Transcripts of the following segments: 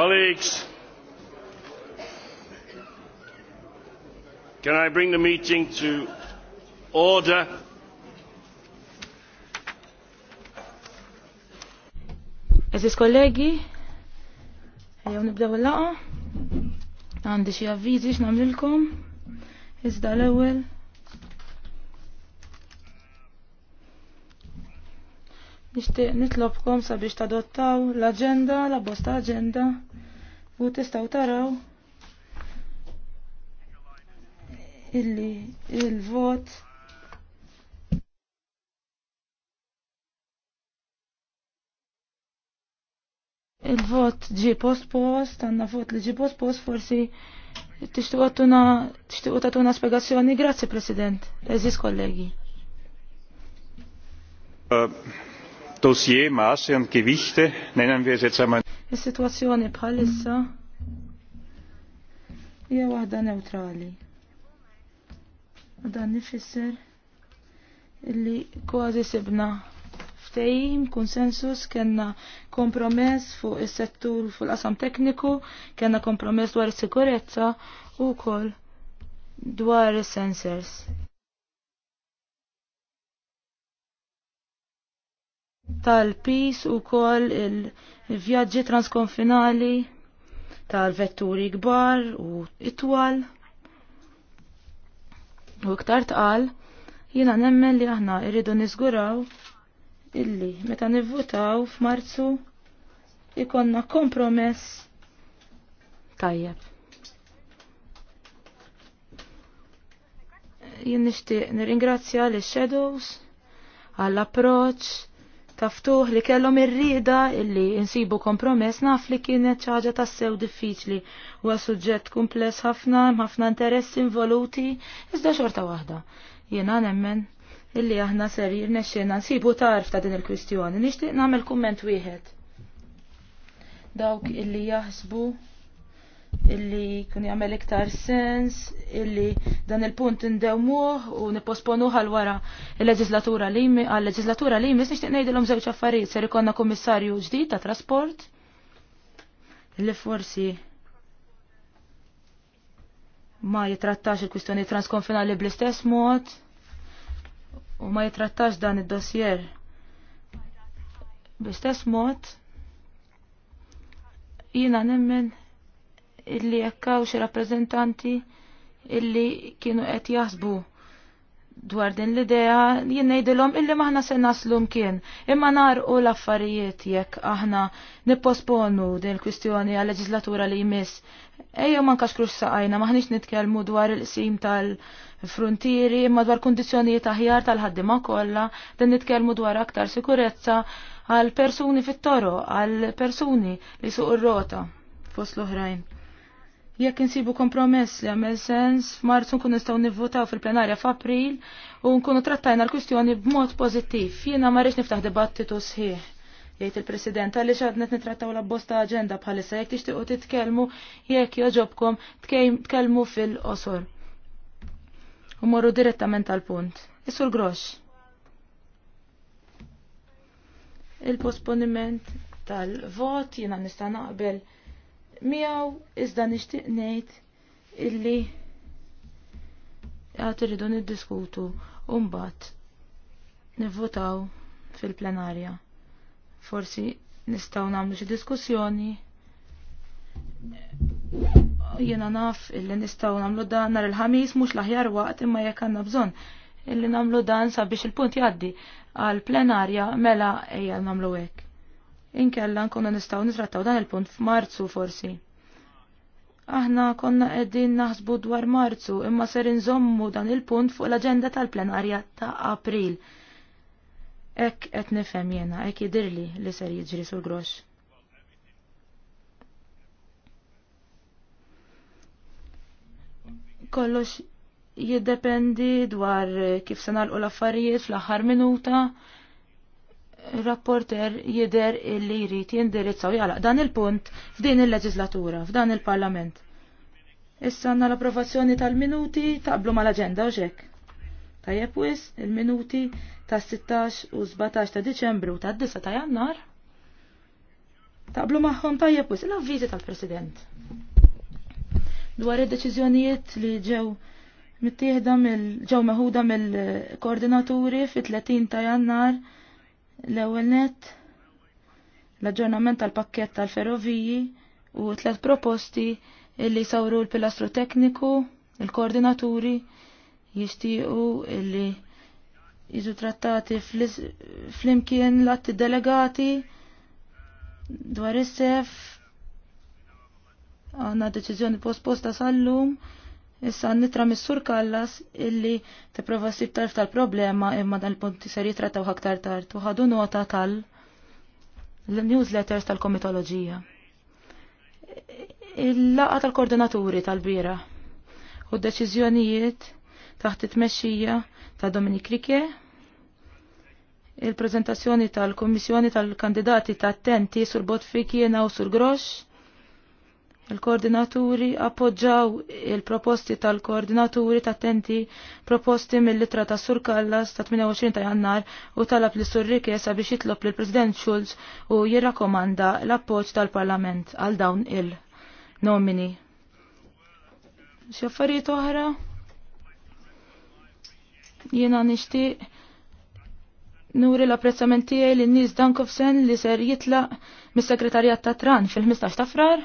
Colleagues, can I bring the meeting to order? Eżis kollegi, jew nibdew il-laqa, għandi xi avviżi x'nagħmlilkom. Iżda l-ewwel Nishtiq nitlobkom sabiex tadottaw l agenda la bosta -agenda u tistaw taraw illi il-vot il-vot ġi post-post, għanna vot li ġi post-post, forsi tixtiqu tatuna spiegazzjoni. Grazie, President, eżis kollegi. Dossier, Maße und Gewichte, nennen wir es jetzt einmal. Is-sitwazzjoni bħalissa hija waħda neutrali. dan nifisser illi kważi sibna ftehim, konsensus, kena kompromess fuq is-settur fuq l-qasam tekniku, kena kompromess dwar is-sikurezza u wkoll dwar is-sensors. tal-pis u kol il-vjaġġi transkonfinali tal-vetturi kbar u itwal u iktar tqal jina nemmen li aħna irridu nizguraw illi meta nivvutaw f'Marzu ikonna kompromess tajjeb. Jien nixtieq nirringrazzja li shadows għall-approċċ taftuħ li kellhom ir illi insibu kompromess naf li kienet ċaġa tassew diffiċli huwa suġġett kumpless ħafna ħafna interess involuti iżda xorta waħda. Jiena nemmen illi aħna serir jirnexxina nsibu tarf ta' din il-kwistjoni. Nixtieq nagħmel kumment wieħed. Dawk illi jaħsbu illi kun jagħmel iktar sens illi dan il-punt indewmuh u nipposponu għal wara il-leġislatura li għal leġislatura li jmiss l ngħidilhom żewġ affarijiet ser ikonna komissarju ġdid ta' trasport illi forsi ma jitrattax il-kwistjoni transkonfinali bl-istess mod u ma jitrattax dan id-dossier bl-istess mod jina nemmen illi jekkaw xi rappreżentanti illi kienu qed jaħsbu dwar din l-idea jien ngħidilhom illi maħna se naslum kien, imma narqu l-affarijiet jekk aħna nipposponu din il-kwistjoni għal leġislatura li jmiss. Ejjew ma nkaxkrux saqajna maħniex nitkellmu dwar il-qsim tal-frontieri imma dwar kundizzjonijiet aħjar tal-ħaddiema kollha, din nitkellmu dwar aktar sikurezza għal persuni fit-toro, għal persuni li suq ir-rota fost l-oħrajn. Jekk insibu kompromess li għamil sens, f'Marzu nkun nistgħu nivvotaw fil-plenarja f'April u nkunu trattajna l-kwistjoni b'mod pożittiv. Jiena ma rridx niftaħ dibattitu sħiħ jgħid il-President għaliex għadna nitrattaw l bosta aġenda bħalissa jekk tixtiequ titkellmu jekk joġobkom tkellmu fil-qosor. U morru direttament għal punt. Isur grox. Il-posponiment tal-vot jiena nista' naqbel miegħu iżda nixtieq ngħid illi għad irridu niddiskutu u mbagħad nivvotaw fil-plenarja. Forsi nistgħu nagħmlu xi diskussjoni. Jiena naf illi nistgħu nagħmlu dan nhar il-ħamis mhux l-aħjar waqt imma jekk għandna bżonn illi nagħmlu dan sabiex il-punt jgħaddi għal plenarja mela ejja nagħmlu hekk inkella nkunna nistgħu nitrattaw dan il-punt f'Marzu forsi. Aħna konna qegħdin naħsbu dwar Marzu imma ser inżommu dan il-punt fuq l-aġenda tal-plenarja ta' April. Ek qed nifhem jiena, hekk jidirli li ser jiġri sul grox. Kollox jiddependi dwar kif se nagħlqu l-affarijiet fl-aħħar minuta rapporter jider illi jrid jindirizzaw jalaq dan il-punt f'din il-leġislatura, f'dan il-parlament. Issa għanna l-approvazzjoni tal-minuti taqblu mal-agenda uġek. Tajjeb wis il-minuti ta' 16 u 17 ta' Diċembru ta' 10 ta' Jannar. Taqblu magħhom tajjeb wis l-avviżi tal-President. Dwar id-deċiżjonijiet li ġew mittieħda mill ġew meħuda mill-koordinaturi fit-30 ta' Jannar L-ewwel net l-aġġornament tal-pakkett tal-ferroviji u tliet proposti illi sawru l-pilastru tekniku, il-koordinaturi jixtiequ illi jiġu trattati fl-imkien l-atti delegati dwar is-sef għanna deċiżjoni posposta sal-lum Issa nitra missur kallas illi tipprova ssib tarf tal-problema imma dan il-punti ser jitrataw aktar tard u ħadu nota tal newsletters tal-komitoloġija. Il-laqa tal-koordinaturi tal-bira u d-deċiżjonijiet taħt it-tmexxija ta' Dominik Rike il-prezentazzjoni tal-Kommissjoni tal-Kandidati ta' Tenti sur Botfikina u sur Grosh Il-koordinaturi appoġġaw il-proposti tal-koordinaturi tattenti proposti mill-litra ta' Sur Kallas ta' 28 ta' jannar u talab li Sur Rikesa biex jitlob lil President Schulz u jirrakomanda l-appoġġ tal-Parlament għal dawn il-nomini. Xi affarijiet oħra? Jiena nixtieq nuri l-apprezzament tiegħi lin-nies Dankovsen li ser jitlaq mis-Sekretarjat ta' Tran fil-15 ta' frar.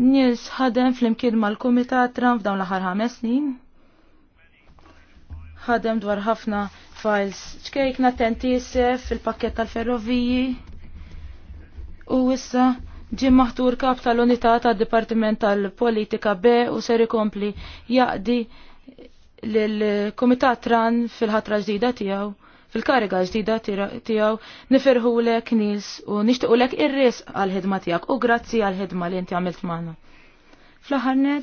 Nils ħadem fl-imkien mal-Kumitat Trump f'dawn l-aħħar ħames snin. Ħadem dwar ħafna files ċkejkna tentisef fil-pakket tal-ferroviji. U issa ġim maħtur kap tal-unità tad-Dipartiment tal-Politika B u ser ikompli jaqdi l-Kumitat Tran fil-ħatra ġdida tiegħu fil-kariga ġdida tiegħu lek nis u nixtiequlek ir-risk għall-ħidma tiegħek u grazzi għall-ħidma li inti għamilt magħna. Fl-aħħar għanna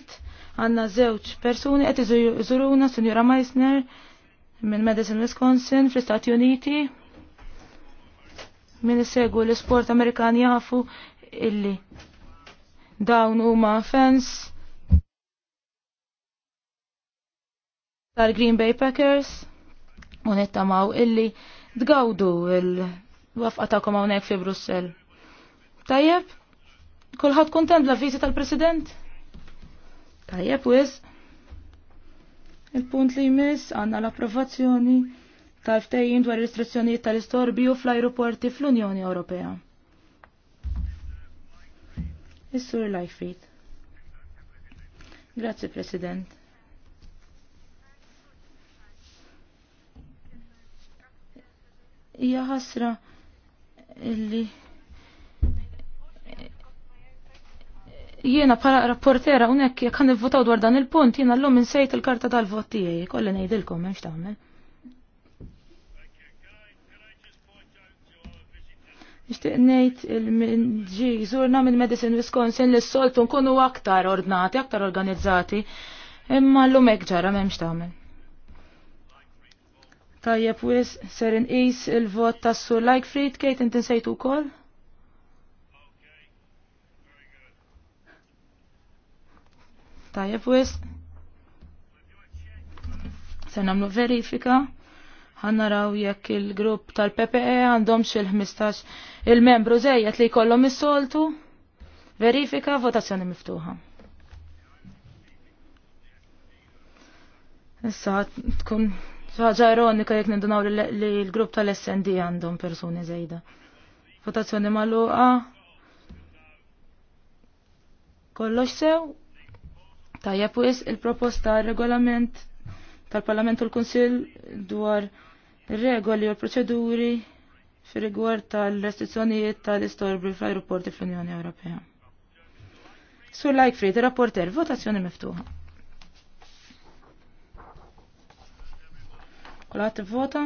għandna żewġ persuni qed iżuruna Sinjura Meissner minn Madison, Wisconsin fl-Istati Uniti minn segu l-sport Amerikan jafu illi dawn huma fans tal-Green Bay Packers u nittamaw illi tgawdu il-wafqa ta'kom hawnhekk fi Brussel. Tajjeb? Kulħadd kontent la avviżi tal-President? Tajjeb wis. Il-punt li jmiss għandna l-approvazzjoni tal ftejjim dwar restrizzjonijiet tal istorbiju fl-ajruporti fl-Unjoni Ewropea. Is-Sur Lajfrit. Grazzi President. hija ħasra illi jiena bħala rapportera unek jekk ħan votaw dwar dan il-punt jiena l-lum insejt il-karta tal-vot tiegħi, kolli ngħidilkom hemmx tagħmel. Nixtieq ngħid il-ġi zurna minn Medicine Wisconsin li s-soltu nkunu aktar ordnati, aktar organizzati, imma l-lum ġara m'hemmx tagħmel. Tajjeb wis ser inqis il-vot tas-sur like Fried Kate inti nsejtu wkoll? Tajjeb wis. Se nagħmlu verifika. raw jekk il-grupp tal-PPE għandhom xil-15 il-membru żejjed li jkollhom is-soltu. Verifika votazzjoni miftuħa. Issa tkun ħaġa ironika jekk nindunaw li l-grupp tal-SND għandhom persuni żejda. Votazzjoni magħluqa. Kollox sew. Tajja wis il-proposta regolament tal-Parlament u l-Kunsill dwar regoli u l-proċeduri fir rigward tal-restrizzjonijiet tal-istorbri fl-aeroporti fl-Unjoni Ewropea. Sur like free, rapporter, votazzjoni miftuħa. Kulħadd vota.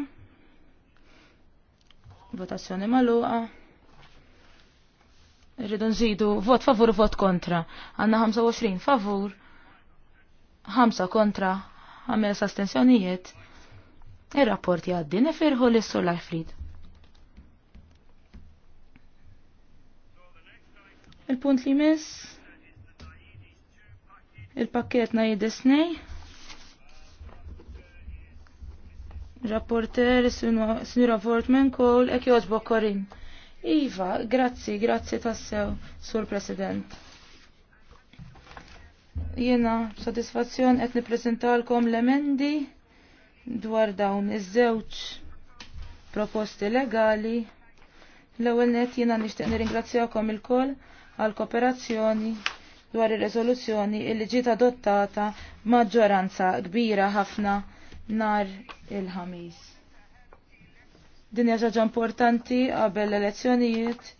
Votazzjoni magħluqa. Irridu nżidu vot favur u vot kontra. Għanna 25 favur, 5 kontra, għamil sastenzjonijiet. Ir-rapport jgħaddi nifirħu l Sur l-Alfrid. Il-punt li mis. il-pakket na jidisnej. Rapporter, rapport Vortman kol, ek joġbok Korin. Iva, grazzi, grazzi tassew, Sur President. Jena, b'sodisfazzjon qed nippreżentalkom l-emendi dwar dawn iż-żewġ proposti legali. L-ewwel net jiena nixtieq nirringrazzjakom ilkoll għal kooperazzjoni dwar ir-reżoluzzjoni li ġiet adottata maġġoranza kbira ħafna nar il-ħamis. Din hija ħaġa importanti qabel l-elezzjonijiet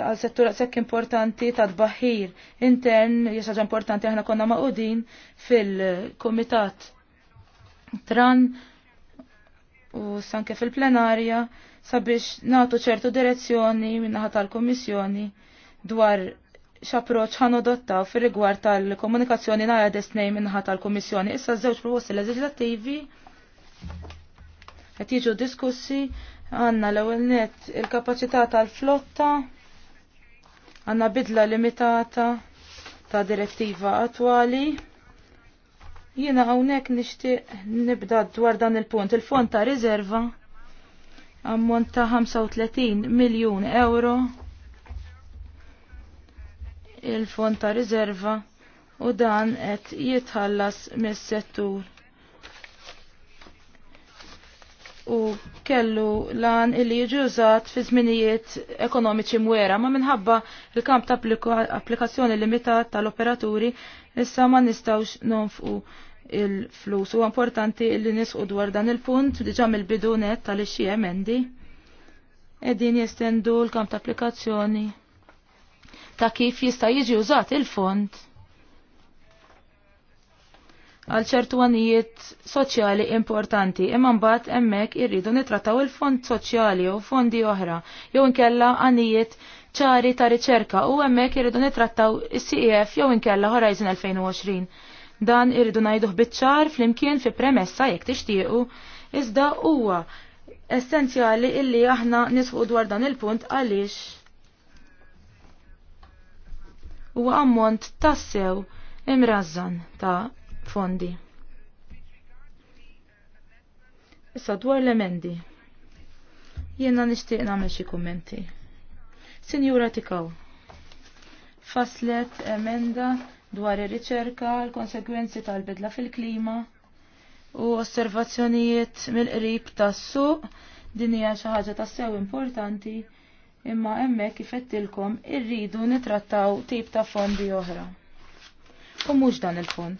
għal settur sekk importanti ta' tbaħħir intern hija ħaġa importanti aħna konna maqudin fil-kumitat tran u sanke fil-plenarja sabiex nagħtu ċertu direzzjoni minnaħa tal-Kummissjoni dwar x'approċċ ħan adottaw fir-rigward tal-komunikazzjoni nhar desnej minnħa tal-Kummissjoni. Issa żewġ proposti leġislattivi qed jiġu diskussi għandna l-ewwel net il-kapaċità tal-flotta għandna bidla limitata ta' direttiva attwali. Jiena hawnhekk nixtieq nibda dwar dan il-punt. Il-fond ta' riserva ammont ta' 35 miljun euro il-fond ta' riserva u dan qed jitħallas mis-settur. U kellu lan illi jiġi użat fi żminijiet ekonomiċi mwera, ma minħabba il-kamp ta' applikazzjoni limitat tal-operaturi issa ma nistawx nonfqu il-flus. U importanti li nisqu dwar dan il-punt diġa mill-bidunet tal-ixxie emendi. Edin jestendu l-kamp ta' applikazzjoni ta' kif jista' jiġi użat il-fond għal ċertu għanijiet soċjali importanti, imma mbagħad hemmhekk irridu nitrataw il-fond soċjali u fondi oħra, jew inkella għanijiet ċari ta' riċerka u hemmhekk irridu nitrattaw is-CEF jew inkella Horizon 2020. Dan irridu ngħiduh biċ-ċar flimkien fi premessa jekk tixtiequ, iżda huwa essenzjali illi aħna nisħu dwar dan il-punt għaliex huwa ammont tassew imrażżan ta' fondi. Issa dwar l-emendi. Jiena nixtieq nagħmel xi kummenti. Sinjura Tikaw. Faslet emenda dwar ir-riċerka, l-konsegwenzi tal-bidla fil-klima u osservazzjonijiet mill-qrib tas-suq din hija xi ħaġa tassew importanti imma hemmhekk kif irridu nitrattaw tip ta' fondi oħra. U mhux dan il-fond.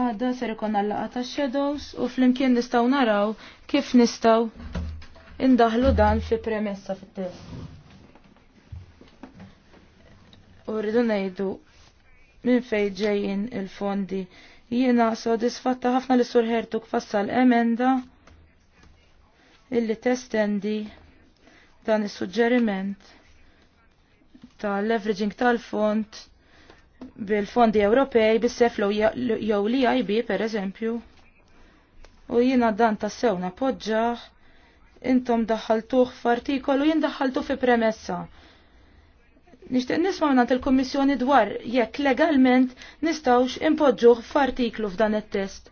Għada ser ikon għallaqa ta' shadows u flimkien nistaw naraw kif nistaw indaħlu dan fi premessa fit-test. U rridu ngħidu minn fejn ġejjin il-fondi. Jiena sodisfatta ħafna li Surħertu kfassal emenda illi testendi dan is-suġġeriment ta' leveraging tal-fond bil-fondi Ewropej bis-sef jew li IB per eżempju. U jina dan ta' sewna poġġaħ, intom daħħaltuh f'artikolu jien daħħaltu fi premessa. Nishtiq nisma' minn il-Kummissjoni dwar jekk legalment nistgħux impoġġuh f'artiklu f'dan it-test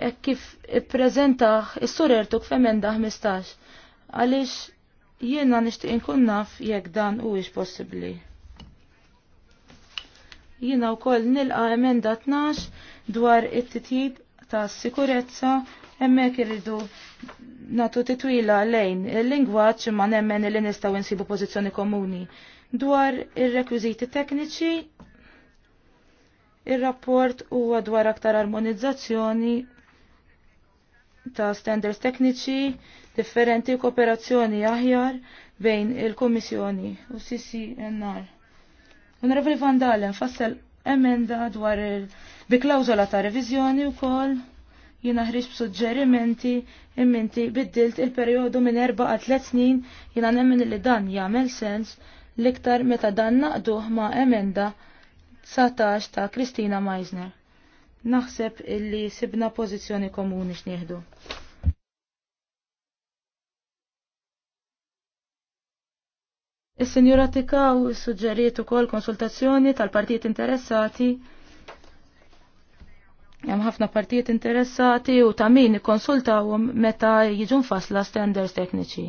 Eh, kif ippreżentaħ is-sur Ertuk f'emenda 15 għaliex jiena nixtieq inkun naf jekk dan huwiex possibbli. Jiena wkoll nilqa emenda 12 dwar it-titjib ta' sikurezza hemmhekk irridu natu titwila lejn il-lingwaġġ ma nemmen li nistgħu insibu pożizzjoni komuni dwar ir-rekwiżiti tekniċi ir-rapport huwa dwar aktar armonizzazzjoni ta' standards tekniċi differenti kooperazzjoni aħjar bejn il komissjoni u CCNR. Onorevoli Van Dalen fassel emenda dwar il-biklawzola ta' revizjoni u kol jina ħriġ b'suġġerimenti imminti biddilt il-periodu minn erba' għal tliet snin jina nemmen li dan jagħmel sens l-iktar meta dan naqduh ma' emenda 19 ta' Kristina Meisner. Naħseb illi sibna pożizzjoni komuni x'nieħdu. Is-Sinjura Tikaw suġġeriet ukoll konsultazzjoni tal-partijiet interessati Hemm ħafna partijiet interessati u ta' min ikkonsultawhom meta jiġu nfassla standards tekniċi.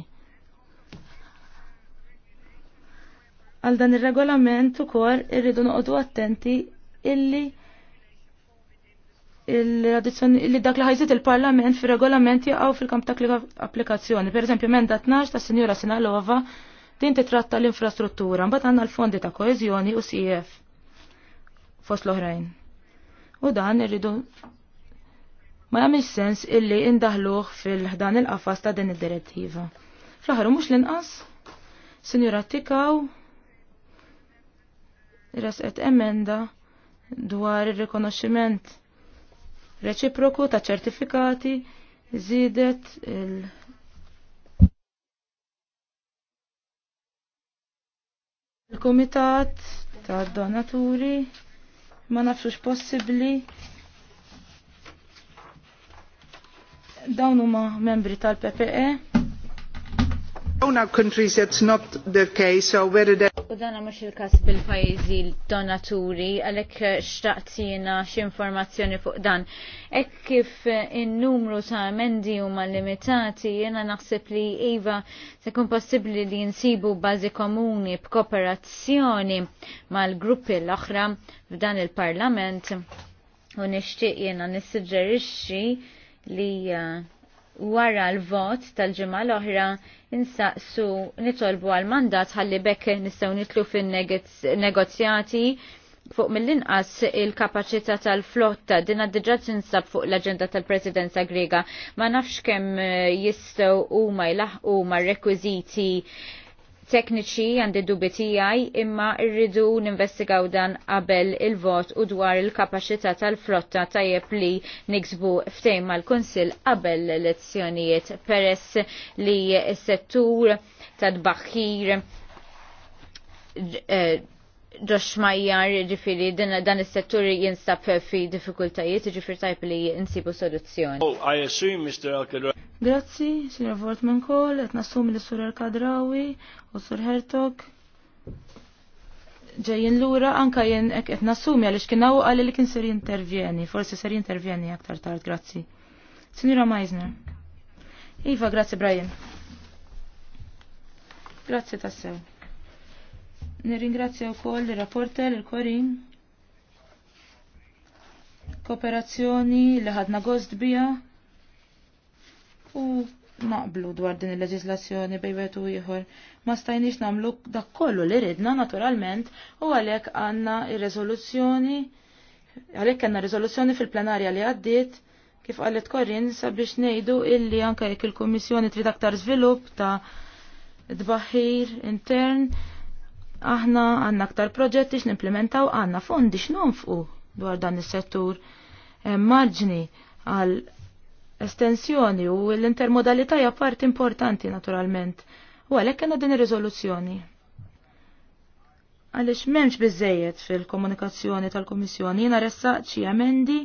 Għal dan ir-regolament ukoll irridu noqogħdu attenti illi li dak li ħajżit il-Parlament fi regolament jaqgħu fil-kamp ta' applikazzjoni. Per eżempju, menda 12 ta' Sinjora Sinalova din titratta l-infrastruttura, mbagħad għandna l-fondi ta' koeżjoni u CF e fost l-oħrajn. U dan irridu ma jagħmel sens illi indaħluh fil-ħdan il-qafas ta' din id-direttiva. Fl-aħħar mhux l-inqas, Sinjora Tikaw resqet emenda dwar ir-rikonoxximent reċiproku ta' ċertifikati zidet il- il-komitat ta' donaturi ma nafxux possibli dawnu ma membri tal-PPE. countries it's not the case, so where did they... U dana mux il-kas bil pajjiżi donaturi, għalek eh, xtaqtina x-informazzjoni fuq dan. Ek kif eh, il-numru ta' emendi u ma' limitati, jena naħseb li Iva se jkun possibli li nsibu bazi komuni b'kooperazzjoni ma' l-gruppi l-oħra f'dan il-parlament. U nishtiq jena nissuġġerixxi li uh, wara l-vot tal-ġimgħa l-oħra insaqsu nitolbu għal mandat ħalli bekk nistgħu nitlu fin-negozjati fuq mill-inqas il kapaċità tal-flotta din diġà tinsab fuq l-aġenda tal-Presidenza Grega ma nafx kemm eh, jistgħu huma jlaħqu ma' rekwiżiti tekniċi għandi dubi tiegħi imma rridu ninvestigaw dan qabel il-vot u dwar il-kapaċità tal-flotta tajjeb li niksbu ftejn mal-Kunsill qabel l-elezzjonijiet peress li s-settur tad-baħħir eh, doxmajjar ġifiri dan is-settur jinstab fi diffikultajiet ġifir tajp li insibu soluzzjoni. Oh, I assume Mr. Al-Kadrawi. Grazzi, Sr. Vortman Kol, et nassum li Sur Al-Kadrawi u Sur Hertog. Ġejjen lura anka jen ek et nassumi għalix kien għalli li kien ser intervjeni, forsi ser intervjeni aktar tard, grazzi. Signora Meisner. Iva, grazzi Brian. Grazzi tassew. Nirringrazzja wkoll ir-rapporter il-Korin kooperazzjoni li ħadna gost bija u naqblu dwar din il-leġislazzjoni bejbet u ieħor. Ma stajniex namlu dak kollu li ridna naturalment u għalhekk għandna ir-reżoluzzjoni għalhekk għandna riżoluzzjoni fil-plenarja li għaddiet kif qalet Korin sabiex ngħidu illi anke jekk il-Kummissjoni trid aktar żvilupp ta' dbaħir intern aħna għanna aktar proġetti x'nimplementaw għanna fondi x'nonfqu dwar dan is-settur marġni għal estensjoni u l-intermodalità hija parti importanti naturalment. U għalhekk għandna din ir-riżoluzzjoni. Għaliex m'hemmx biżejjed fil-komunikazzjoni tal-Kummissjoni jiena ressaq xi emendi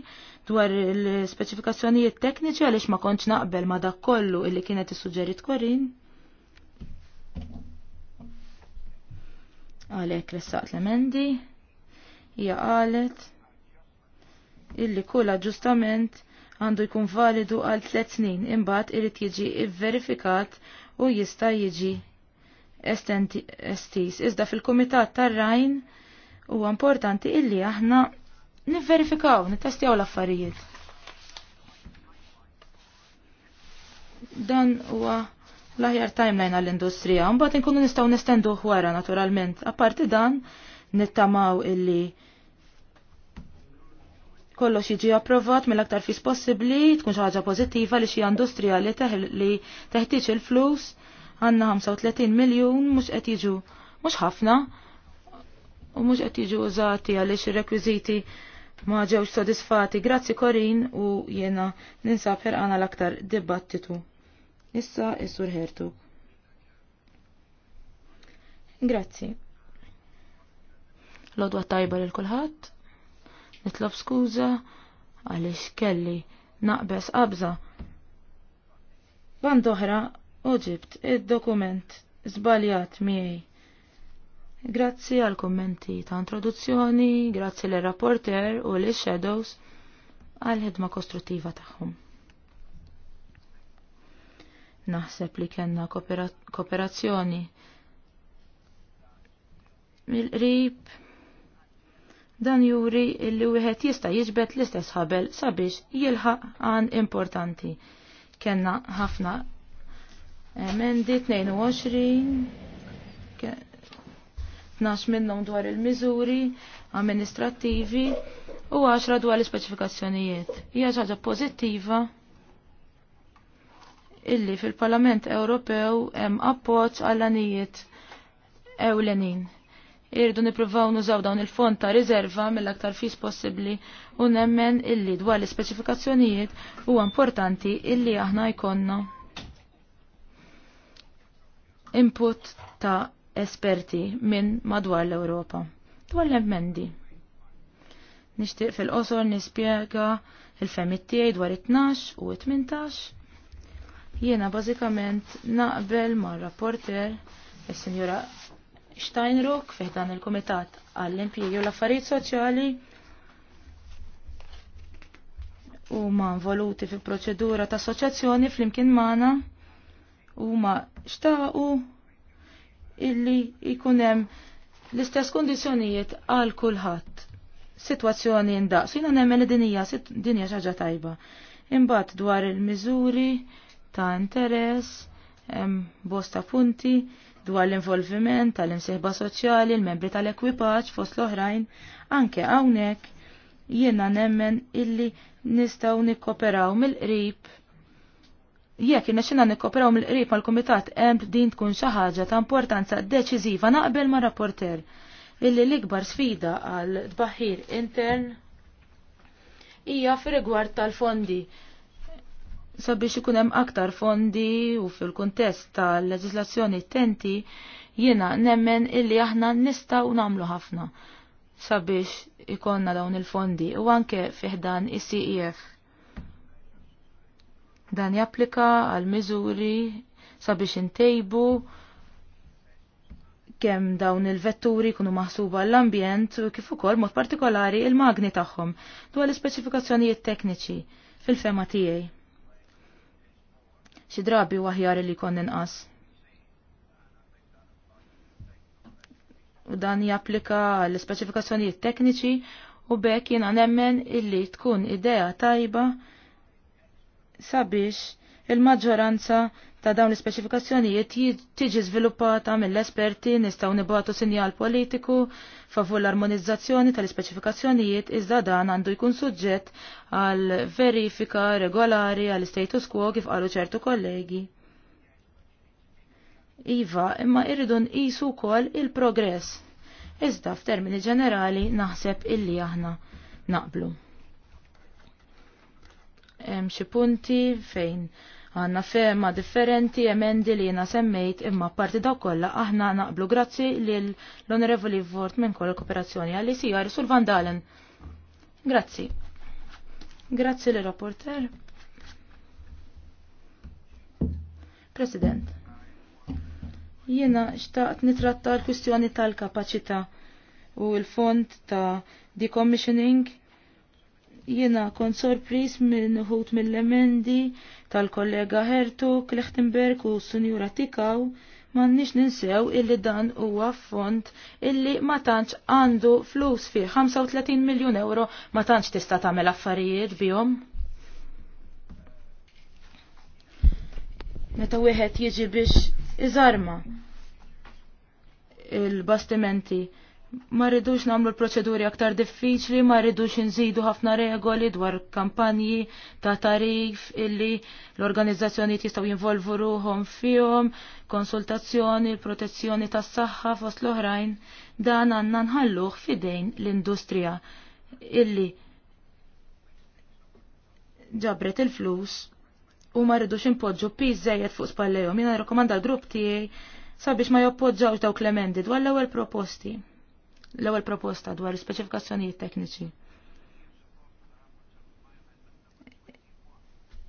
dwar il-speċifikazzjonijiet tekniċi għaliex ma kontx naqbel ma dak kollu illi kienet issuġġerit Korin. Għalek l-saqt l-emendi, hija qalet illi kull aġġustament għandu jkun validu għal tliet snin imbagħad irid jiġi verifikat u jista' jiġi estis. Iżda fil-Kumitat tar-Rajn huwa importanti illi aħna nivverifikaw, nittestjaw l-affarijiet. Dan huwa l-aħjar timeline għall-industrija, mbagħad inkunu nistgħu nistendu wara naturalment. Apparti dan, nittamaw illi kollox jiġi approvat mill-aktar fis possibbli, tkun xi ħaġa pożittiva li xi industrija li teħtieġ il-flus għandna 35 miljun mhux qed jiġu mhux ħafna u mhux qed jiġu użati għaliex ir-rekwiżiti ma ġewx sodisfati. Grazzi Korin u jiena ninsab ħerqana l-aktar dibattitu. Issa is-Sur Hertu. Grazzi. Lodwa tajba lil kulħadd. Nitlob skuża għaliex kelli naqbes qabża. Band oħra oġibt id-dokument żbaljat miej. Grazzi għal kommenti ta' introduzzjoni, grazzi l rapporter u l shadows għal ħidma kostruttiva tagħhom. Naħseb li kellna kooperazzjoni mill-qrib dan juri illi wieħed jista' jiġbed l-istess ħabel sabiex jilħaq għan importanti. Kenna ħafna emendi 22 12 minnhom dwar il-miżuri amministrattivi u 10 dwar l-ispeċifikazzjonijiet. Hija ħaġa pożittiva illi fil-Parlament Ewropew hemm appoġġ għall anijiet ewlenin. Irdu nippruvaw nużaw dawn il-fond ta' riserva mill-aktar fis possibbli u nemmen illi dwar l-ispeċifikazzjonijiet huwa importanti illi aħna jkollna input ta' esperti minn madwar l-Ewropa. Dwar l-emmendi. Nixtieq fil-qosor nispjega il femittijaj tiegħi dwar it-12 u 18 Jiena bażikament naqbel ma' rapporter il sinjura Steinruck fih dan il-Kumitat għall-impjiegi u l-affarijiet soċjali huma involuti fi proċedura ta' assoċjazzjoni flimkien magħna huma xtaqu illi jkun hemm l-istess kundizzjonijiet għal kulħadd. Sitwazzjoni ndaqsu jina nemmen li din hija xi ħaġa tajba. Imbagħad dwar il-miżuri ta' interess, bosta punti dwar l-involviment tal-imsieħba soċjali, l-membri tal-ekwipaġġ fost l-oħrajn, anke hawnhekk jiena nemmen illi nistgħu nikkoperaw mill-qrib jekk xina nikkoperaw mill-qrib mal-Kumitat hemm din tkun xi ħaġa ta' importanza deċiżiva naqbel ma' rapporter illi l-ikbar sfida għal tbaħħir intern hija fir-rigward tal-fondi sabiex ikun hemm aktar fondi u fil-kuntest tal-leġislazzjoni tenti jiena nemmen illi aħna nistgħu nagħmlu ħafna sabiex ikonna dawn il-fondi u anke fiħdan is-CEF. Dan japplika għal miżuri sabiex intejbu kemm dawn il-vetturi kunu maħsuba l-ambjent u kif ukoll mod partikolari il-magni tagħhom dwar l-ispeċifikazzjonijiet tekniċi fil-fema tiegħi xi drabi waħjar li kon inqas. U dan japplika l-ispeċifikazzjonijiet tekniċi u bekk jiena nemmen illi tkun idea tajba sabiex il-maġġoranza ta' dawn l-ispeċifikazzjonijiet tiġi żviluppata mill-esperti nistgħu nibatu sinjal politiku favur l-armonizzazzjoni tal-ispeċifikazzjonijiet iżda dan għandu jkun suġġett għal verifika regolari għal status quo kif qalu ċertu kollegi. Iva, imma irridu nqisu wkoll il-progress. Iżda f'termini ġenerali naħseb illi aħna naqblu hemm xi punti fejn Għanna ferma differenti emendi li jena semmejt imma parti daw kolla aħna naqblu grazzi li l-Onorevoli Vort minn kolla kooperazzjoni għalli sijar sul Vandalen. Grazzi. Grazzi li rapporter. President. Jena xtaqt nitratta l-kwistjoni tal-kapacita u l-fond ta' decommissioning Jiena kont sorpris minn uħut mill-emendi tal-kollega Hertu Klechtenberg u Sunjura Tikaw, nix ninsew illi dan huwa fond illi ma tantx għandu flus fih 35 miljun euro ma tantx tista' tagħmel affarijiet bihom. Meta wieħed jiġi biex iżarma il-bastimenti Ma rridux namlu l-proċeduri aktar diffiċli, ma rridux nżidu ħafna regoli dwar kampanji ta' tarif illi l-organizzazzjoni jistgħu jinvolvu ruhom fihom, konsultazzjoni, protezzjoni tas saħħa fost l-oħrajn, dan għandna nħalluh fidejn l-industrija illi ġabret il-flus u ma rridux impoġġu piżejjed fuq spallejhom. Jiena rakkomanda l-grupp tiegħi sabiex ma joppoġġawx dawk l-emendi dwar l-ewwel proposti l-ewwel proposta dwar ispeċifikazzjonijiet tekniċi.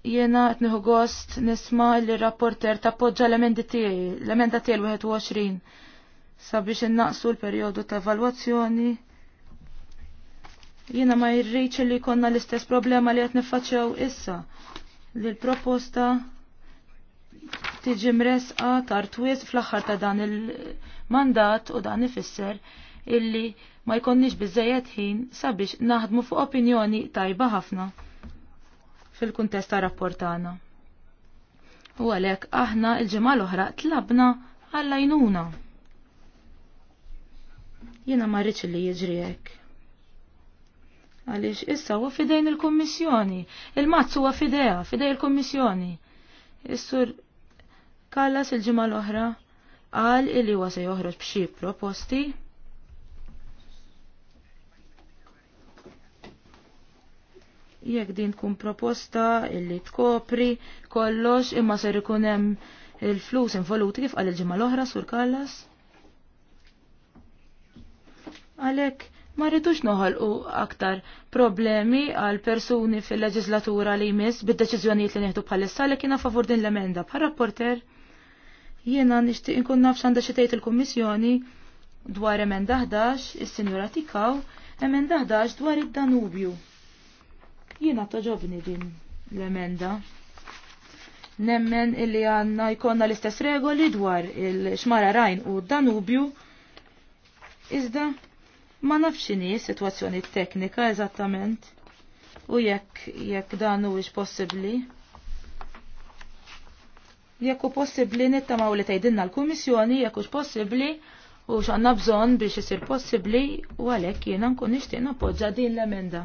Jiena qed nieħu gost nisma' li rapporter tappoġġa l-emendi tiegħi, l-emenda tiegħi l-21 sabiex innaqsu l-perjodu ta' evalwazzjoni. Jiena ma jirriċ li konna l-istess problema li qed niffaċċew issa. Li l-proposta tiġi mresqa tar twies fl-aħħar ta' dan il-mandat u dan ifisser illi ma jkonniġ bizzejet ħin sabiex naħdmu fuq opinjoni tajba ħafna fil-kuntest rapportana. U għalhekk aħna l-ġimgħa l-oħra tlabna għallajnuna. Jiena ma rridx li jiġri hekk. Għaliex issa huwa fidejn il-Kummissjoni, il-mazz huwa fideja, fidej il-Kummissjoni. Is-sur Kallas il-ġimgħa l-oħra qal illi huwa se joħroġ b'xi proposti jekk din tkun proposta illi tkopri kollox imma ser ikun hemm il-flus involuti kif għal il-ġimgħa l-oħra sur Kallas. Għalhekk ma rridux noħolqu aktar problemi għal persuni fil-leġislatura li jmiss bid-deċiżjonijiet li nieħdu bħalissa li kiena favur din l-emenda bħal rapporter jiena nixtieq inkun naf x'għandha xi tgħid il-Kummissjoni dwar emenda 11 is-Sinjura Tikaw emenda 11 dwar id-Danubju. Jiena ġovni din l-emenda. Nemmen illi għanna jkonna l-istess regoli dwar il-xmara rajn u Danubju. Iżda ma nafxini situazzjoni teknika eżattament. U jekk jekk dan huwiex possibbli. Jekk u possibbli nittamaw li tgħidilna l-Kummissjoni jekk hux possibbli u x'għandna bżonn biex isir possibbli u għalhekk jiena nkun nixtieq nappoġġa din l-emenda.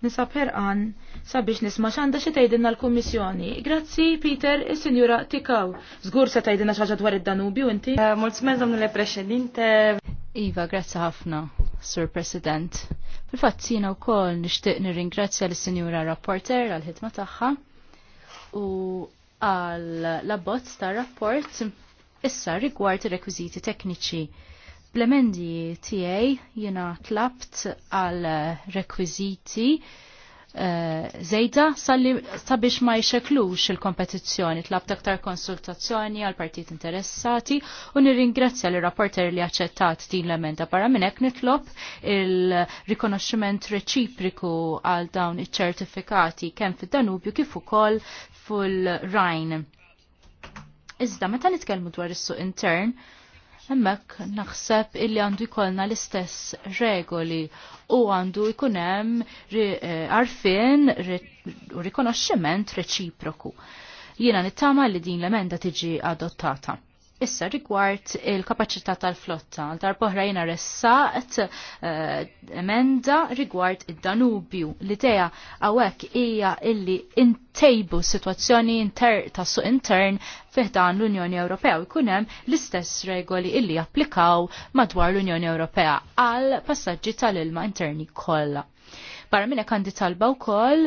Nisab ħerqan sabiex nisma xanda xi tgħidilna l-Kummissjoni. Grazzi Peter, is-Sinjura Tikaw. Zgur se tajdinna xi ħaġa dwar id-Danubju inti. Eh, Mulzmez le Preċedinte. Iva, grazzi ħafna, Sur President. fil u jiena wkoll nixtieq nirringrazzja lis-Sinjura Rapporter għall-ħidma tagħha u għal l ta' rapport issa rigward ir-rekwiżiti tekniċi Blemendi tiegħi jiena tlabt għal rekwiżiti eh, zejda sabiex ma jxeklux il-kompetizzjoni tlab aktar konsultazzjoni għal partit interessati u nirringrazzja l rapporter li aċċettat din l-emenda barra minnek nitlob il-rikonoxximent reċipriku għal dawn iċ-ċertifikati kemm fid-Danubju kif ukoll fil-Rajn. Iżda meta nitkellmu dwar is-suq intern, Hemmek naħseb illi għandu jkollna l-istess regoli u għandu jkunem eh, għarfin u rikonoxximent reċiproku. Jiena nittama li din l-emenda tiġi adottata. Issa rigward il-kapacità tal-flotta, tal-poħra jena ressaqt eh, emenda rigward id-Danubju. L-idea għawek hija illi intejbu situazzjoni inter ta' suq intern fiħdan l-Unjoni Ewropea u jkunem l-istess regoli illi applikaw madwar l-Unjoni Ewropea għal passaġġi tal-ilma interni kollha. Barra minna kandi talba u koll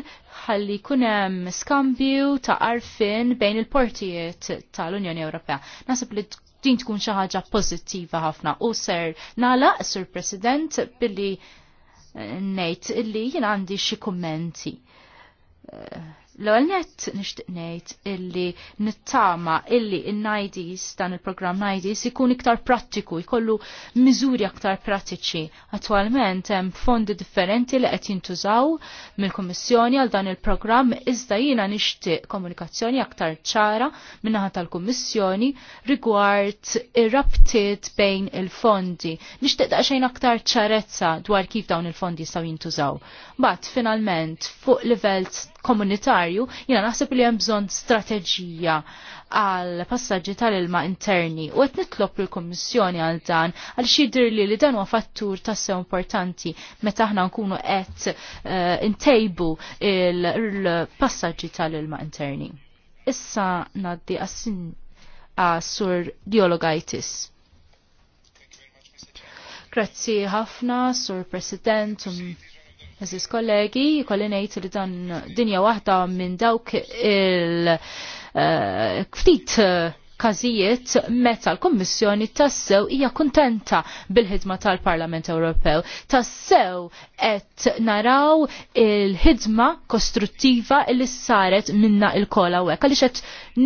ħalli kunem skambju ta' arfin bejn il-portijiet tal-Unjoni Ewropea. Nasib li din tkun xi ħaġa pożittiva ħafna u ser nala, Sur President, billi eh, ngħid illi jien għandi xi kummenti eh, L-għal net nishtiqnejt illi nittama illi il-najdis dan il-program najdis ikun iktar prattiku, jkollu miżuri aktar prattiċi. Attualment hemm fondi differenti li qed jintużaw mill-Kummissjoni għal dan il-programm iżda jiena nixtieq komunikazzjoni aktar ċara minnaħa tal-Kummissjoni rigward ir-rabtiet bejn il-fondi. Nixtieq daqsxejn aktar ċarezza dwar kif dawn il-fondi jistgħu jintużaw. Bat finalment fuq livell komunitarju, jina naħseb li hemm bżonn strateġija għal passaġġi tal-ilma interni u qed nitlob il-Kummissjoni għal dan għal xidir li li dan huwa fattur tassew importanti meta aħna nkunu qed eh, intejbu il-passaġġi tal-ilma interni. Issa ngħaddi għas-sin sur diologajtis. Grazzi ħafna, Sur President, um, Eżis kollegi, kolli ngħid li dan dinja waħda minn dawk il-ftit eh, eh, kazijiet meta l-Kommissjoni tassew hija kuntenta bil-ħidma tal-Parlament Ewropew. Tassew qed naraw il-ħidma kostruttiva li saret minna il kola u għaliex qed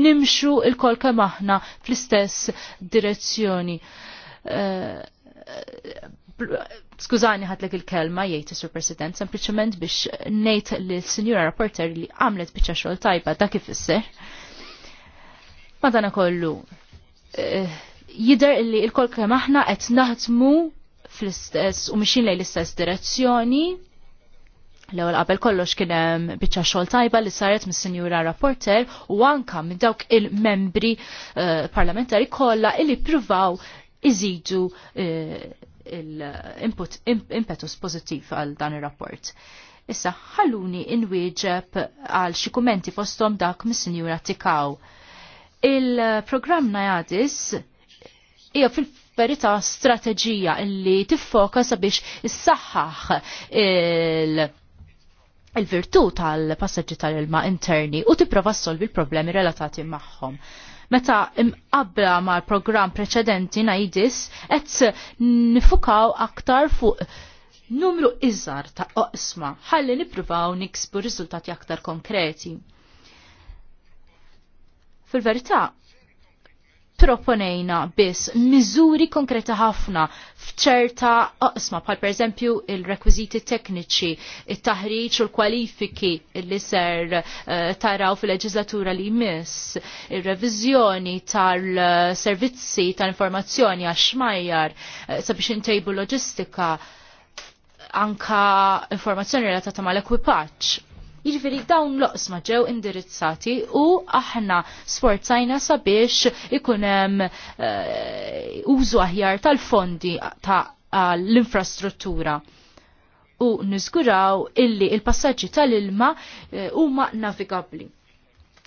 nimxu il-kol kemm aħna fl-istess direzzjoni. Uh, Skużani ħatlek il-kelma jgħid is-Sur President sempliċement biex ngħid lill-Sinjura Rapporter li għamlet biċċa xogħol tajba dak ifisser. Madana kollu eh, jider li l-kol kemm aħna qed naħdmu fl-istess u mixin lejn l-istess direzzjoni. L-ewwel qabel kollox kien hemm biċċa xogħol tajba li saret mis-Sinjura Rapporter u anka minn dawk il-membri eh, parlamentari kollha li pruvaw iżidu eh, l-input impetus pozittiv għal dan ir-rapport. Issa ħalluni inwieġeb għal xi kummenti fosthom dak mis-Sinjura Tikaw. Il-programm Najadis hija fil verità strateġija illi tiffoka sabiex issaħħaħ il- il-virtu tal passaġġi tal-ilma interni u tipprova solvi l-problemi relatati magħhom meta imqabla mal programm preċedenti najdis qed nifukaw aktar fuq numru iżar ta' oqsma ħalli nippruvaw niksbu riżultati aktar konkreti. Fil-verità, proponejna biss miżuri konkreta ħafna fċerta oqsma bħal pereżempju il-rekwiżiti tekniċi, il taħriġ u l-kwalifiki li ser eh, taraw fil-leġislatura li jmiss, ir-reviżjoni tal-servizzi tal-informazzjoni għax uh, sabiex intejbu loġistika anka informazzjoni relatata mal ekwipaġġ Jiġifieri dawn loqsma ġew indirizzati u aħna sforzajna sabiex ikun hemm eh, użu aħjar tal-fondi ta' l-infrastruttura u niżguraw illi il-passaġġi tal-ilma eh, huma navigabbli.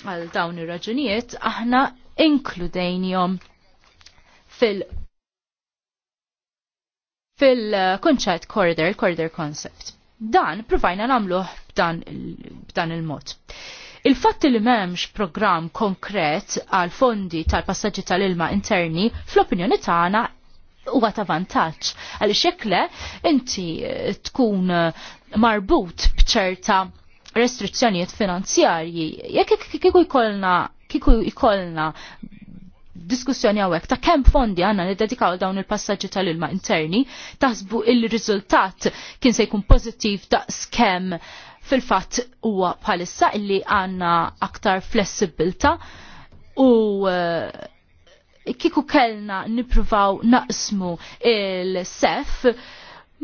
Għal dawn ir-raġunijiet aħna inkludejniehom fil- fil-konċett corridor, corridor concept. Dan provajna namluħ b'dan il-mod. Il-fatt li memx program konkret għal fondi tal-passagġi tal-ilma interni, fl-opinjoni tagħna huwa ta' vantaġġ għal xekle inti eh, tkun eh, marbut bċerta restrizzjonijiet finanzjarji. Jekk kiku jkollna kiku jkollna diskussjoni għawek ta' kemm fondi għanna li dedikaw dawn il-passagġi tal-ilma interni, taħsbu il-riżultat kien se jkun pozittiv ta' skem uh, fil-fatt huwa bħalissa illi għanna aktar flessibilta u eh, kiku kellna nipruvaw naqsmu il-sef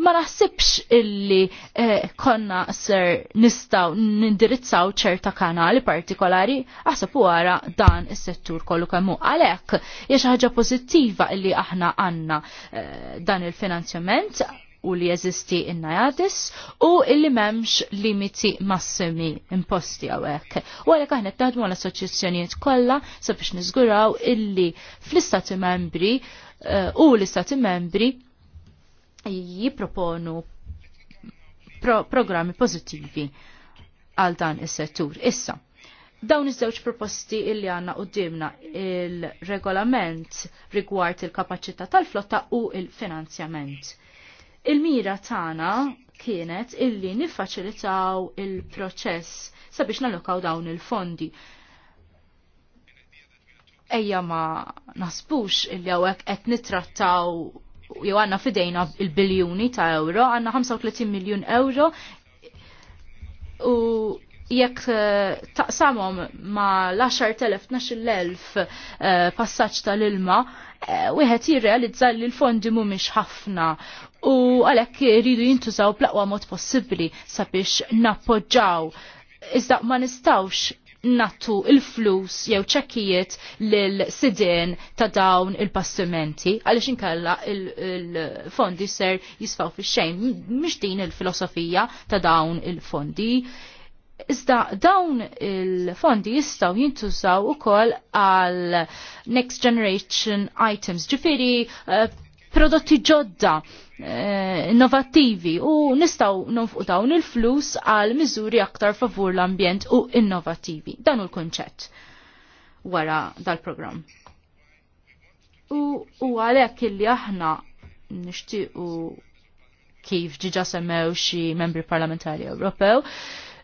ma naħsibx illi eh, konna ser nistaw nindirizzaw ċerta kanali partikolari għasab u għara dan is settur kollu kemmu. Għalek, jiex ħaġa pozittiva illi aħna għanna eh, dan il-finanzjament u li jeżisti in-najadis u illi memx limiti massimi imposti għawek. U għalek aħna t tadmu għal-assoċjazzjonijiet kollha sabiex niżguraw illi fl-istati membri uh, u l-istati membri jiproponu pro programmi pozittivi għal dan is-settur. Issa, dawn iż-żewġ proposti illi għanna dimna il-regolament rigward il-kapacità tal-flotta u il-finanzjament. il-regolament rigward il-kapacità tal-flotta u il-finanzjament. Il-mira tagħna kienet illi niffaċilitaw il-proċess sabiex nallokaw dawn il-fondi. Ejja ma nasbux illi hawnhekk qed nittrattaw jew għandna fidejna il-biljuni ta' euro, għandna 35 miljun euro u jekk eh, taqsamhom ma l-10,000-12,000 eh, passaġġ tal-ilma, eh, wieħed jirrealizza li l-fondi mhumiex ħafna u għalhekk iridu jintużaw blaqwa mod possibbli sabiex nappoġġaw. Iżda ma nistawx nattu il-flus jew ċekkijiet lil-sidin ta' dawn il passimenti għaliex inkella il-fondi ser jisfaw fi xejn mux din il-filosofija ta' dawn il-fondi. Iżda dawn il-fondi jistaw jintużaw ukoll għal Next Generation Items, ġifiri uh, eh, prodotti ġodda eh, innovativi u nistaw nonfqu dawn il-flus għal miżuri aktar favur l-ambjent u innovativi. Dan hu l-konċett wara dal-programm. U, u għalek illi aħna nishtiqu kif ġiġa semmew xi membri parlamentari Ewropew,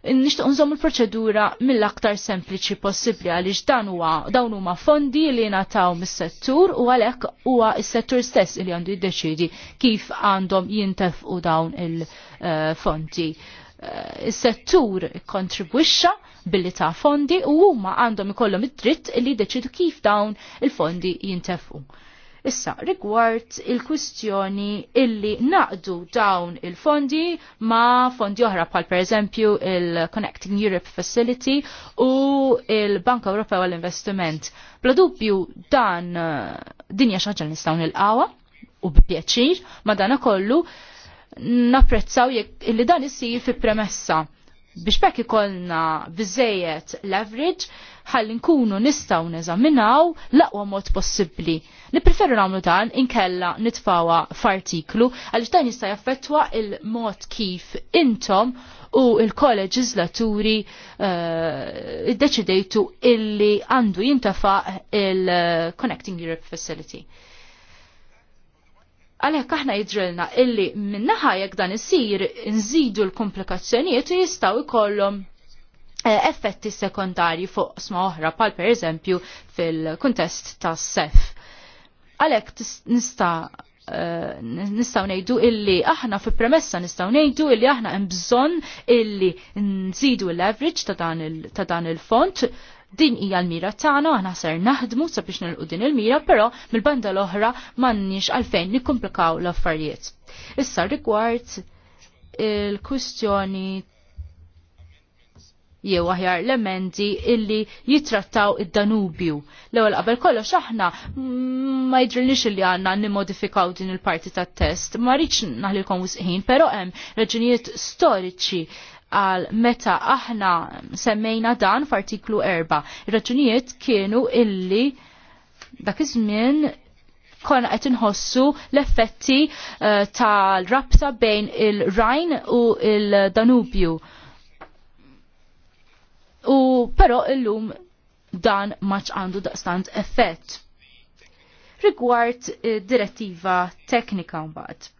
nishtaq nżomm il-proċedura mill-aktar sempliċi possibbli għaliex dan huwa dawn huma fondi li nataw mis-settur u għalhekk huwa s-settur stess li għandu jiddeċidi kif għandhom jintefqu dawn il-fondi. Eh, is-settur kontribwixxa billi ta' fondi u huma għandhom ikollhom id-dritt li jiddeċidu kif dawn il-fondi jintefqu. Issa, rigward il-kwistjoni illi naqdu dawn il-fondi ma fondi oħra pal per eżempju il-Connecting Europe Facility u il-Banka Ewropew għall-Investiment. Bla dubju dan eh, dinja xaġa nistaw nil-qawa u b'pjaċir ma dana kollu napprezzaw jek illi dan isir fi premessa biex bekk ikollna biżejjed leverage ħalli nkunu nistgħu neżaminaw l-aqwa mod possibbli. Nippreferu nagħmlu dan inkella nitfawa f'artiklu għaliex dan jista' jaffettwa il-mod kif intom u il-kolleġislaturi uh, eh, deċidejtu illi għandu jintafa il-Connecting Europe Facility. Għalhekk aħna jidrilna illi minnaħa jekk dan isir nżidu l-komplikazzjonijiet u jistgħu jkollhom eh, effetti sekondarji fuq sma oħra pal per eżempju fil-kuntest tas sef. Għalek nista eh, nistaw nejdu illi aħna fi premessa nistaw nejdu illi aħna hemm bżonn illi nżidu l-average ta' dan il-font il Din hija l-mira tagħna aħna ser naħdmu sabiex nilqu din il-mira, però mill-banda l-oħra m'għandniex għalfejn nikkomplikaw l-affarijiet. Issa rigward il-kwistjoni jew aħjar l-emendi illi jitrattaw id-Danubju. L-ewwel qabel kollox aħna ma jidrilniex illi għandna nimmodifikaw din il-parti tat-test. Ma rridx naħlilkom wisqin, però hemm raġunijiet storiċi għal meta aħna semmejna dan f'artiklu 4. Ir-raġunijiet kienu illi dak iż-żmien konna qed inħossu l-effetti uh, tal-rabta bejn il-Rajn u il-Danubju. U però illum dan maċ għandu daqstant effett. Rigward uh, direttiva teknika mbagħad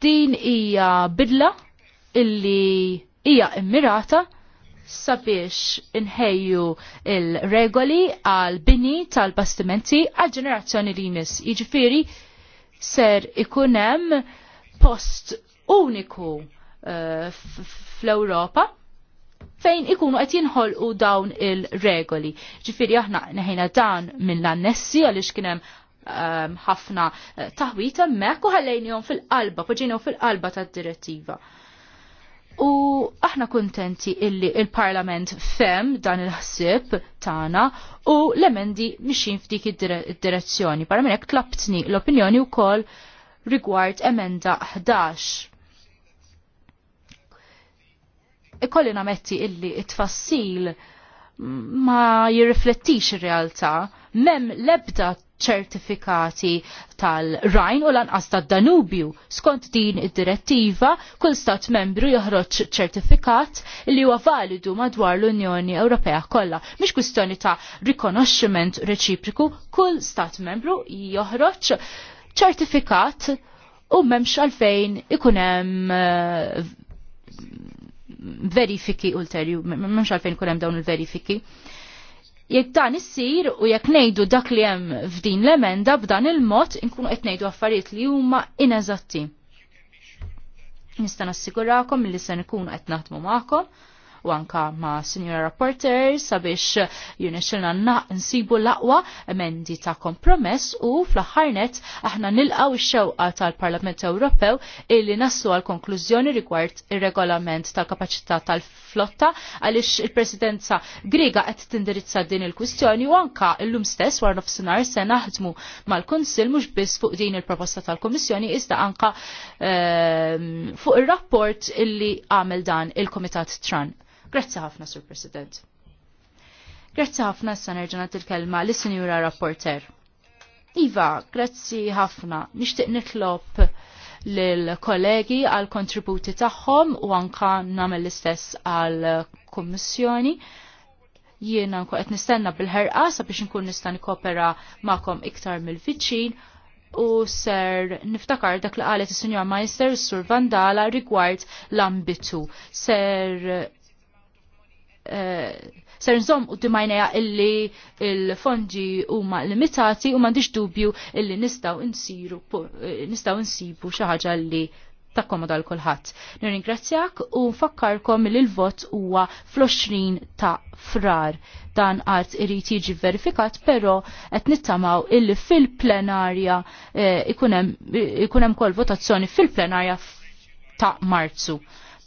Din hija bidla illi hija immirata sabiex inħejju il-regoli għal bini tal-bastimenti għal ġenerazzjoni li jmiss. Jiġifieri ser ikun hemm post uniku eh, fl-Ewropa fejn ikunu qed jinħolqu dawn il-regoli. Ġifiri aħna neħina dan mill-annessi għaliex kien hemm Um, ħafna eh, taħwit hemmhekk u ħallejnihom fil-qalba, poġġinhom fil-qalba tad-direttiva. U aħna kontenti illi il-Parlament fem dan il-ħsib tagħna u l-emendi mixin f'dik id-direzzjoni. Barra minn hekk tlabtni l-opinjoni wkoll rigward emenda 11. Ikolli nametti illi it-tfassil ma jirriflettix ir-realtà, mem lebda ċertifikati tal-Rajn u lanqas tad-Danubju. Skont din id-direttiva, kull stat membru joħroġ ċertifikat li huwa validu madwar l-Unjoni Ewropea kollha. Mhix kwistjoni ta' rikonoxximent reċipriku, kull stat membru joħroġ ċertifikat u memx għalfejn ikun hemm eh, verifiki ulterju, memx għalfejn hemm dawn il-verifiki. Jekk dan issir u jekk ngħidu dak li hemm f'din l-emenda b'dan il-mod inkunu qed ngħidu affarijiet li huma ineżatti. Nista' nassigurakom li se nkunu qed naħdmu magħkom u anka ma' Senior reporter sabiex na' nsibu laqwa emendi ta' kompromess u fl-ħarnet aħna nilqaw ix-xewqa tal-Parlament Ewropew illi naslu għal konklużjoni rigward ir-regolament tal-kapaċità tal-flotta għaliex il-Presidenza Griega qed tindirizza din il-kwistjoni u anka llum stess war nofsinhar se naħdmu mal-Kunsill mhux biss fuq din il-proposta tal komissjoni iżda anka ehm, fuq ir-rapport illi għamel dan il-Komitat Tran. Grazzi ħafna, Sur President. Grazzi ħafna issa nerġa' il-kelma lis-Sinjura Rapporter. Iva, grazzi ħafna. Nixtieq nitlob lill-kollegi għal kontributi tagħhom u anka nagħmel l-istess għal kummissjoni jiena qed nistenna bil-ħerqa sabiex nkun nista' nikkopera magħkom iktar mill-viċin u ser niftakar dak li qalet is-Sinjor Majster Sur Vandala rigward l-ambitu. Ser Eh, ser nżomm u dimajneja illi il-fondi huma limitati u m'għandix dubju illi nistgħu insiru eh, nistaw insibu xi ħaġa li takkomoda l kulħadd. Nirringrazzjak u nfakkarkom li l-vot huwa fl-20 ta' frar. Dan għart irid jiġi verifikat, però qed nittamaw illi fil-plenarja eh, ikun hemm kol votazzjoni fil-plenarja ta' Marzu.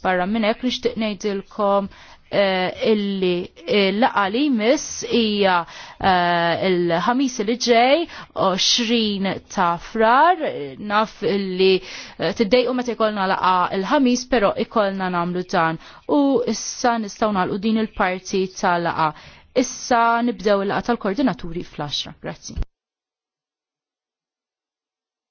Barra minn hekk nixtieq ngħidilkom Eh, illi l-laqa eh, li jmiss hija eh, il-ħamis li ġej 20 ta' frar naf illi tiddejqu meta jkollna laqa il-ħamis però ikollna nagħmlu dan u issa nistgħu nagħlqu din il-parti tal-laqa. Issa nibdew il-laqa tal-koordinaturi fl-10. Grazzi.